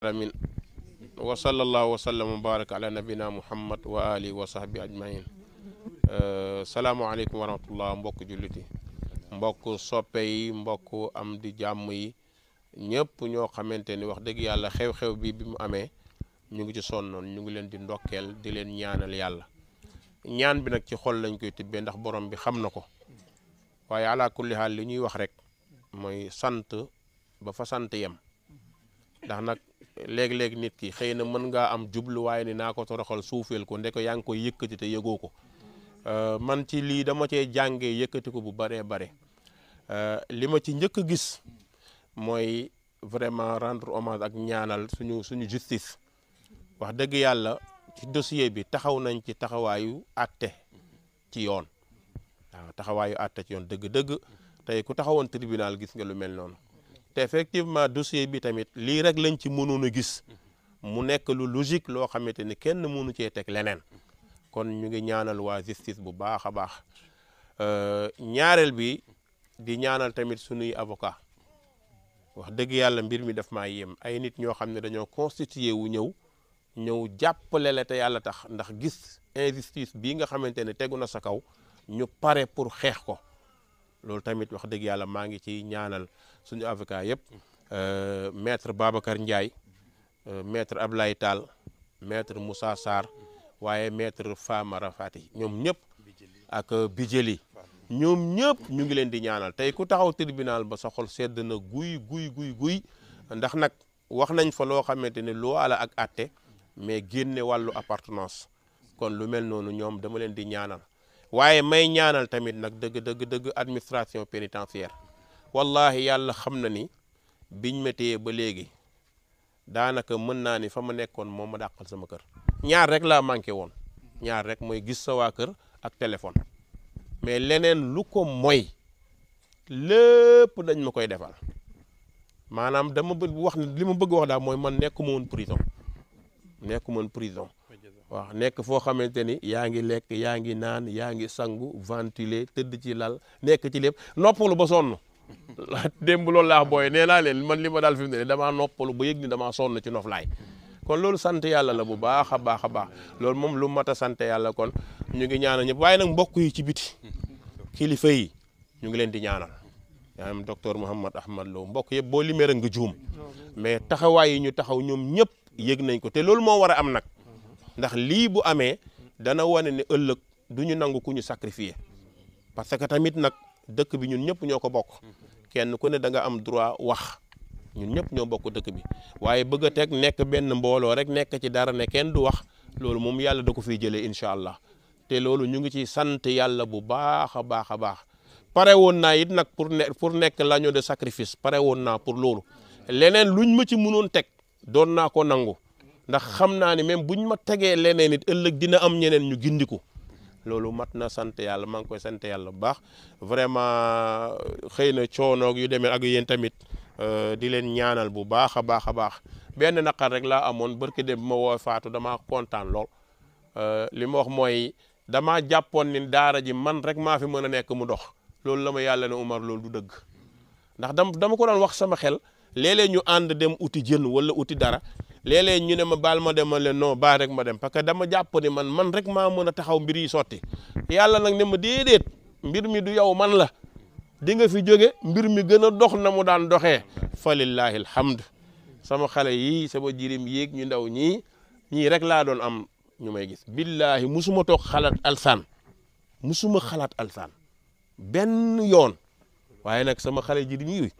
alamin wa sallallahu wa sallam wa baraka ala nabina muhammad wa alihi wa sahbi ajmain euh, salaamaaleykum wa mbokk julliti mbokk soppe yi mbokk am di jàmm yi ñëpp ñoo xamante ni wax dëgg yàlla xew-xew bi bi mu amee ñu ngi ci sonnoon ñu ngi leen di ndokkeel di leen ñaanal yàlla ñaan bi nag ci xool lañ koy tibbee ndax boroom bi xam na ko waaye ala kulli haal li ñuy wax rek mooy sant ba fa sant yam ndax nag léeg-léeg nit ki xëy na mën ngaa am jubluwaay ni naa ko toroxal suufeel ko ndeko yaa ngi koy yëkkati te yëgoo ko euh, man ci lii dama cee jàngee yëkkati ko bu baree bare euh, li ma ci njëkk a gis mooy vraiment rendre hommage ak ñaanal suñu suñu justice wax dëgg yàlla ci dossier bi taxaw nañ ci taxawaayu àtte ci yoon waaw taxawaayu àtte ci yoon dëgg-dëgg tey ku taxawoon tribunal gis nga lu mel noonu te effectivement dossier bi tamit lii rek lañ ci mënoon gis mu nekk lu logique loo xamante ni kenn mënu cee teg leneen kon ñu ngi ñaanal waa justice bu baax a baax euh, ñaareel bi di ñaanal tamit sunuy avocat wax dëgg yàlla mbir mi daf maa yéem ay nit ñoo xam ne dañoo constitué wu ñëw ñëw jàppale la te yàlla tax ndax gis injustice bii nga xamante ne tegu na sa kaw ñu pare pour xeex ko loolu tamit wax dëgg yàlla maa ngi ci ñaanal suñu avocat yëpp euh, maître Babacar Ndiaye euh, maître Ablaye Tall maître Moussa Sarr waaye maître Famara Fati ñoom ñëpp ak euh, Bijeli ñoom ñëpp ñu ngi leen di ñaanal tey ku taxaw tribunal ba soxol sedd na guy guy guy guy ndax nag wax nañ fa loo xamante ne loo ala ak àtte mais génne wàllu appartenance kon lu mel noonu ñoom dama leen di ñaanal waaye may ñaanal tamit nag dëgg dëgg dëgg administration pénitentiaire wallahi yàlla xam na ni biñ ma téye ba léegi daanaka mën naa ni fa ma nekkoon moom ma dàqal sama kër ñaar rek laa manqué woon ñaar rek mooy gis sa waa kër ak téléphone mais leneen lu ko mooy lépp dañ ma koy defal maanaam dama bëgg wax li ma bëgg wax daal mooy man nekkuma woon prison nekkuma woon prison waaw nekk foo xamante ni yaa ngi lekk yaa ngi naan yaa ngi sangu ventiler tëdd ci lal nekk ci lépp noppalu ba sonn démb loolu laa booy nee naa leen man li ma daal fi mu ne damaa noppalu ba yëg ni damaa sonn ci noflaay kon loolu sant yàlla la bu baax a baax a baax loolu moom lu mat a sant yàlla kon ñu ngi ñaanal ñëpp waaye nag mbokk yi ci biti kilifa yi ñu ngi leen di ñaana maanaam docteur Mouhamed Ahmad Lo mbokk yëpp boo limee rek nga mais taxawaay yi ñu taxaw ñoom ñëpp yëg nañ ko te loolu moo war a am nag. ndax lii bu amee dana wane ne ëllëg du ñu nangu ku ñu sacrifier parce que tamit nag dëkk bi ñun ñëpp ñoo ko bokk kenn ku ne da nga am droit wax ñun ñëpp ñoo bokk dëkk bi waaye bëgg a teg nekk benn mbooloo rek nekk ci dara ne kenn du wax loolu moom yàlla da ko fiy jëlee incha allah te loolu ñu ngi ci sant yàlla bu baax a baax a baax pare woon naa it nag pour ne pour nekk l'agneau de sacrifice pare woon naa pour loolu leneen luñ ma ci mënoon teg doon naa ko nangu. ndax xam naa ne même buñ ma tegee leneen it ëllëg dina am ñeneen ñu gindiku loolu mat na sant yàlla maa ngi koy sant yàlla bu baax vraiment xëy na coonoog yu demee ak yéen tamit euh, di leen ñaanal bu baax a baax a baax benn naqar rek laa amoon barke de ma woo faatu dama kontaan lool euh, li ma wax mooy dama jàppoon ni daara ji man rek maa fi mën a nekk mu dox loolu la ma yàlla ne Umar loolu du dëgg ndax dama dama ko doon wax sama xel léeg ñu ànd dem uti jën wala uti dara léeg ñu ne ma baal ma dem ma leen non baal rek ma dem parce que dama jàpp ni man man rek maa mën a taxaw mbir yi sotti yàlla nag ne ma déedéet mbir mi du yow man la di nga fi jóge mbir mi gën a dox na mu daan doxee fa lillahi alhamd sama xale yi sama jirim yéeg ñu ndaw ñii ñii rek laa doon am ñu may gis billahi musuma toog xalaat alsaan musuma xalaat alsaan benn yoon waaye nag sama xale jirim yi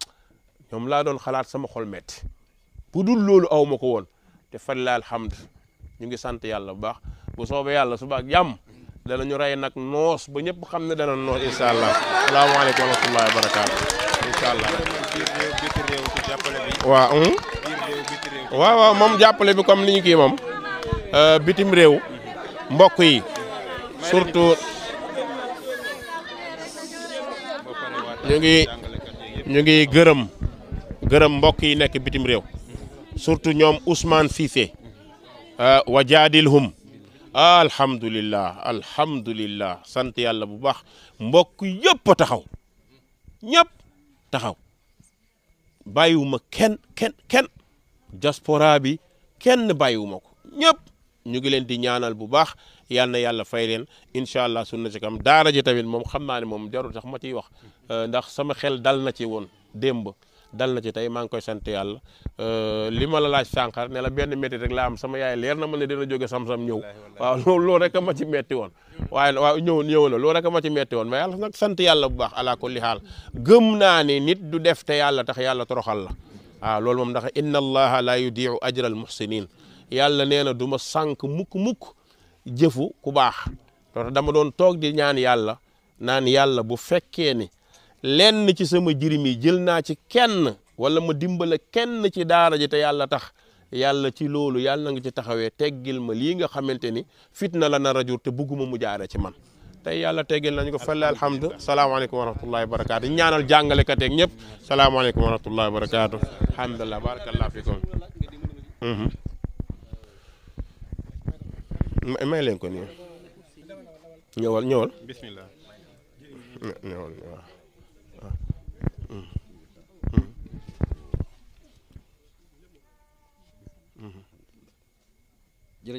ñoom laa doon xalaat sama xol metti bu dul loolu aw ma ko woon te falilaa alhamd ñu ngi sant yàlla bu baax bu soobee yàlla suba ak jàmm danañu rey nag noos ba ñëpp xam ne dana noos incha allah salaamaaleykum wa rahmatulah wa barakaatu allah. waaw. waaw moom jàppale bi comme li ñu kii moom euh, bitim réew mbokk yi surtout ñu ngi ñu ngi gërëm gërëm mbokk yi nekk bitim réew. surtout ñoom Ousmane Cissé ah, wa jaadilhum alhamdulillah alhamdulillah sant yàlla bu baax mbokk yëpp a taxaw ñëpp taxaw bàyyiwuma kenn kenn kenn diaspora bi kenn wuma ko ñëpp ñu ngi leen di ñaanal bu baax yal na yàlla fay leen incha allah sunna ci kam daara ji tamit moom xam naa ne moom jarul sax ma ciy wax euh, ndax sama xel dal na ci woon démb dal na ci tey maa ngi koy sant yàlla euh, li ma la laaj sànqar ne la benn métti rek laa am sama yaay leer na ma ne dina jóge sam-sam ñëw waaw loolu rek a ma ci metti woon waaye waaw ñëw ñëw na loolu rek a ma ci metti woon mais yàlla sant yàlla bu baax ala kulli xaal gëm naa ne nit du def te yàlla tax yàlla toroxal la waaw loolu moom ndax inna allaha la yudiu ajra al muhsinin yàlla nee na du ma sànq mukk-mukk jëfu ku baax dama doon toog di ñaan yàlla naan yàlla bu fekkee ni lenn ci sama jirim yi jël naa ci kenn wala ma dimbale kenn ci daara ji te yàlla tax yàlla ci loolu yàlla na nga ci taxawee teggil ma lii nga xamante ni fitna la nar a jur te bugguma mu jaare ci man te yàlla teggil nañu ko fële alhamdu salaamaaleykum wa rahmatullahi wa barakaatu ñaanal jàngalekat yeeg ñëpp salaamaaleykum wa rahmatullahi wa barakaatu alhamdulilah barakallahu mhm. may leen ko nii ñëwal ñëwal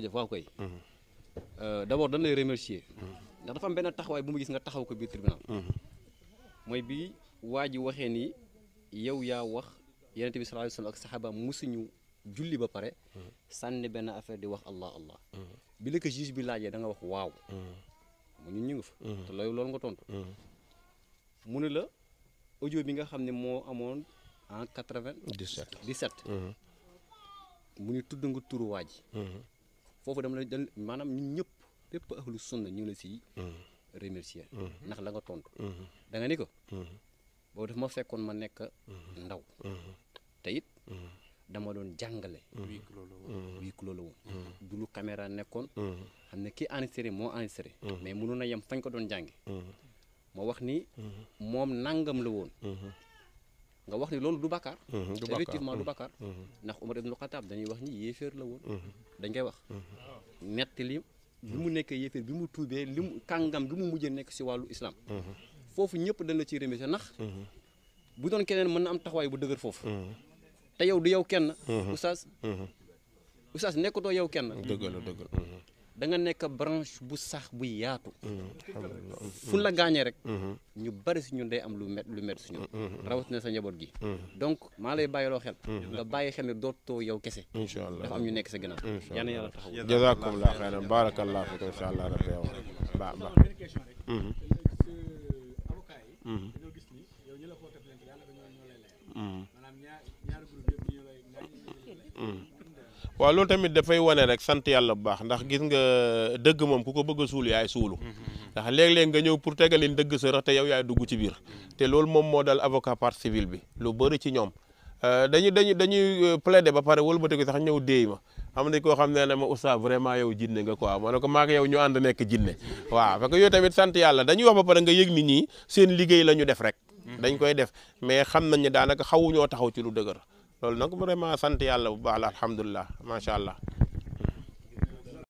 jërëjëf waaw koy mhm. euh, d'abord dañ lay remercier ndax dafa am benn taxawaay bu mu gis nga taxaw ko biir tribunal mhm. mooy bi waa ji waxee ni yow yaa wax yeneen bi sallallahu alayhi wasallam mu saxaaba musuñu julli ba pare mhm. sànni benn affaire di wax allah allah bi la ko bi laajee da nga wax waaw mu ñu ñu fa te loolu loolu nga tontu mu ne la audio bi nga xam ne moo amoon en quatre-vingt-dix-sept mu ñu tudd nga turu waa ji foofu dama la da maanaam ñun ñëpp bépp ahlu sunna ñu ngi la si remercier mm-hmm. ndax la nga tontu mm-hmm. da nga ni ko mm-hmm. boobu daf ma fekkoon ma nekk ndaw te it dama doon jàngale huis clos la woon du lu caméra nekkoon xam ne kii enregistré moo enregistré mais mënoon a yem fañ ko doon jànge moo wax ni moom nangam la woon nga wax ni loolu du bàkkaar mhm, effectivement du mhm. bàkkaar mhm. ndax Umar ibn Xataab dañuy wax ni yéeféer la woon dañ koy wax li bi mu nekkee yéeféer bi mu tuubee li mu kàngam bi mu mujjee nekk si wàllu islam foofu ñëpp dañ la ciy remercier ndax bu doon keneen mën na am taxawaay bu dëgër foofu te yow du yow kenn oustaz oustaz nekkatoo yow kenn dëgg la dëgg da nga nekk branche bu sax bu yaatu. fu la gaañee rek. Mm-hmm. ñu bari si ñun day am lu met lu met suñu. na sa njaboot gi. Mm-hmm. donc maa lay bàyyiloo xel. Mm-hmm. nga bàyyi xel ne dootoo yow kese. incha allah dafa am ñu nekk sa gànnaaw. incha allah yal na yàlla taxaw. jazakumullah xayran barakallah fiik incha allah rabbi yow. baax baax. waaw loolu tamit dafay wane rek sant yàlla bu baax ndax gis nga euh, dëgg moom ku ko bëgg a suul yaay suulu mm-hmm, mm-hmm. ndax léeg-léeg nga ñëw pour tegalin dëgg sa rax te yow yaay dugg ci biir mm-hmm. te loolu moom moo dal avocat partie civile bi lu bëri ci ñoom dañu euh, dañu dañuy euh, plaider ba pare wëlbatiku sax ñëw déey ma am na koo xam ne ne ma oustaz vraiment yow jinne nga ko ma ne ko maak yow ñu ànd nekk jinne waaw parce que yooyu tamit sant yàlla dañuy wax ba pare nga yëg nit ñi seen liggéey la ñu def rek dañ koy def mais xam nañ ne daanaka xawuñoo taxaw ci lu dëgër loolu nag vraiment sant yàlla bu baax la alhamdulilah macha allah